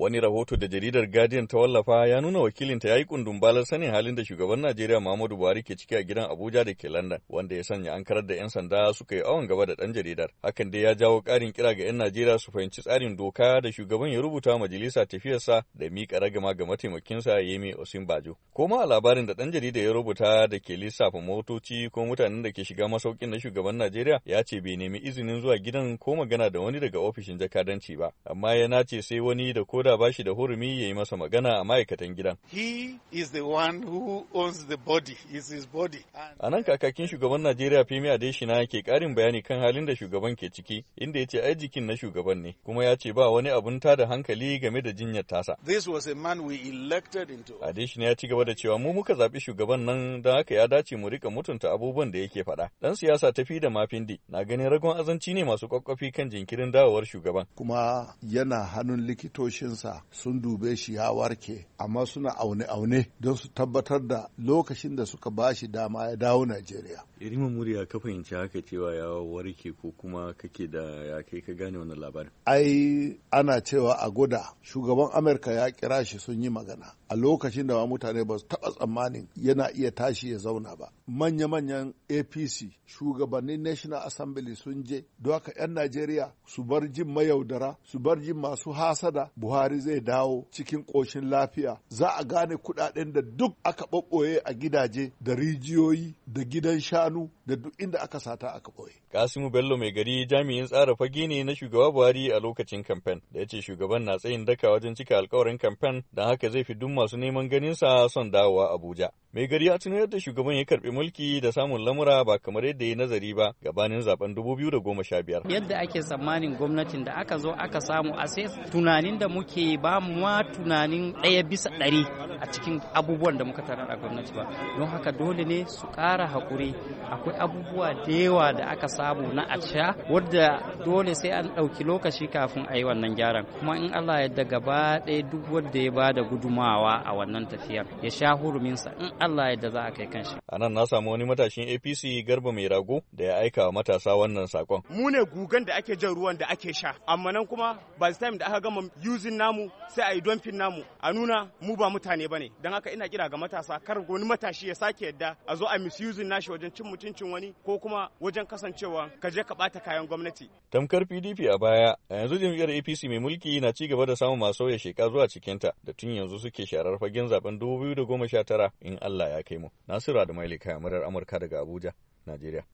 Wani rahoto da jaridar Guardian ta wallafa ya nuna wakilinta ya yi kundumbalar sanin halin da shugaban Najeriya Muhammadu Buhari ke ciki a gidan Abuja da ke London, wanda ya sanya an karar da 'yan sanda suka yi awon gaba da ɗan jaridar. Hakan dai ya jawo ƙarin kira ga 'yan Najeriya su fahimci tsarin doka da shugaban ya rubuta majalisa tafiyarsa da miƙa ragama ga mataimakinsa Yemi Osinbajo. Ko ma a labarin da ɗan jarida ya rubuta da ke lissafa motoci ko mutanen da ke shiga masaukin na shugaban Najeriya ya ce bai nemi izinin zuwa gidan ko magana da wani daga ofishin jakadanci ba, amma ya nace sai wani da koda da ba shi da hurumi ya yi masa magana a ma'aikatan gidan. He is the one who owns the body, is his body. A nan kakakin shugaban Najeriya Femi Adesina ke karin bayani kan halin da shugaban ke ciki, inda ya ce ai jikin na shugaban ne, kuma ya ce ba wani abun ta da hankali game da jinyar tasa. This was a man we elected Adesina ya ci gaba da cewa mu muka zaɓi shugaban nan don haka ya dace mu rika mutunta abubuwan da yake faɗa. ɗan siyasa tafi da mafindi na ganin ragon azanci ne masu kwakwafi kan jinkirin dawowar shugaban. Kuma yana hannun likitoshin jikinsa sun dube shi ya warke amma suna aune-aune don su tabbatar da lokacin da suka ba shi dama ya dawo Najeriya. Irima murya ka fahimci haka cewa ya warke ko kuma kake da ya kai ka gane wannan labarin. Ai ana cewa a goda shugaban Amurka ya kira shi sun yi magana. a lokacin da mutane ba su taɓa tsammanin yana iya tashi ya zauna ba manya-manyan apc shugabannin national assembly sun je don haka 'yan najeriya su bar jin mayaudara su bar jin masu hasada buhari zai dawo cikin ƙoshin lafiya za a gane kuɗaɗen da duk aka ɓaɓɓoye a gidaje da rijiyoyi da gidan shanu da duk inda aka sata aka ɓoye kasimu bello mai gari jami'in tsara fage ne na shugaba buhari a lokacin kamfen da ya ce shugaban na tsayin daka wajen cika alkawarin kamfen don haka zai fi duk masu neman ganinsa son dawowa Abuja. mai gari ya tunar da shugaban ya karbi mulki da samun lamura ba kamar yadda ya nazari ba gabanin zaben 2015 yadda ake tsammanin gwamnatin da aka zo aka samu assess tunanin da muke ba ma tunanin ɗaya bisa ɗari a cikin abubuwan da muka tarar a gwamnati ba don haka dole ne su ƙara haƙuri akwai abubuwa da yawa da aka samu na aca wadda dole sai an ɗauki lokaci kafin a yi wannan gyaran kuma in Allah ya da gaba ɗaya duk wanda ya bada da gudumawa a wannan tafiyar ya sha huruminsa Allah da za a kai kanshi. A nan na samu wani matashin APC Garba Mai Rago da ya aika wa matasa wannan sakon. Mu ne gugan da ake jan ruwan da ake sha, amma nan kuma ba time da aka gama using namu sai a yi donfin namu a nuna mu ba mutane ba ne. Don haka ina kira ga matasa kar wani matashi ya sake yadda a zo a misusing nashi wajen cin mutuncin wani ko kuma wajen kasancewa ka je ka bata kayan gwamnati. Tamkar PDP a baya, a yanzu jam'iyyar APC mai mulki na ci gaba da samun masu sauya sheka zuwa cikinta da tun yanzu suke sharar fagen zaben 2019 in Allah ya kai mu. Nasiru Adamu Alika, murar Amurka daga Abuja, Najeriya.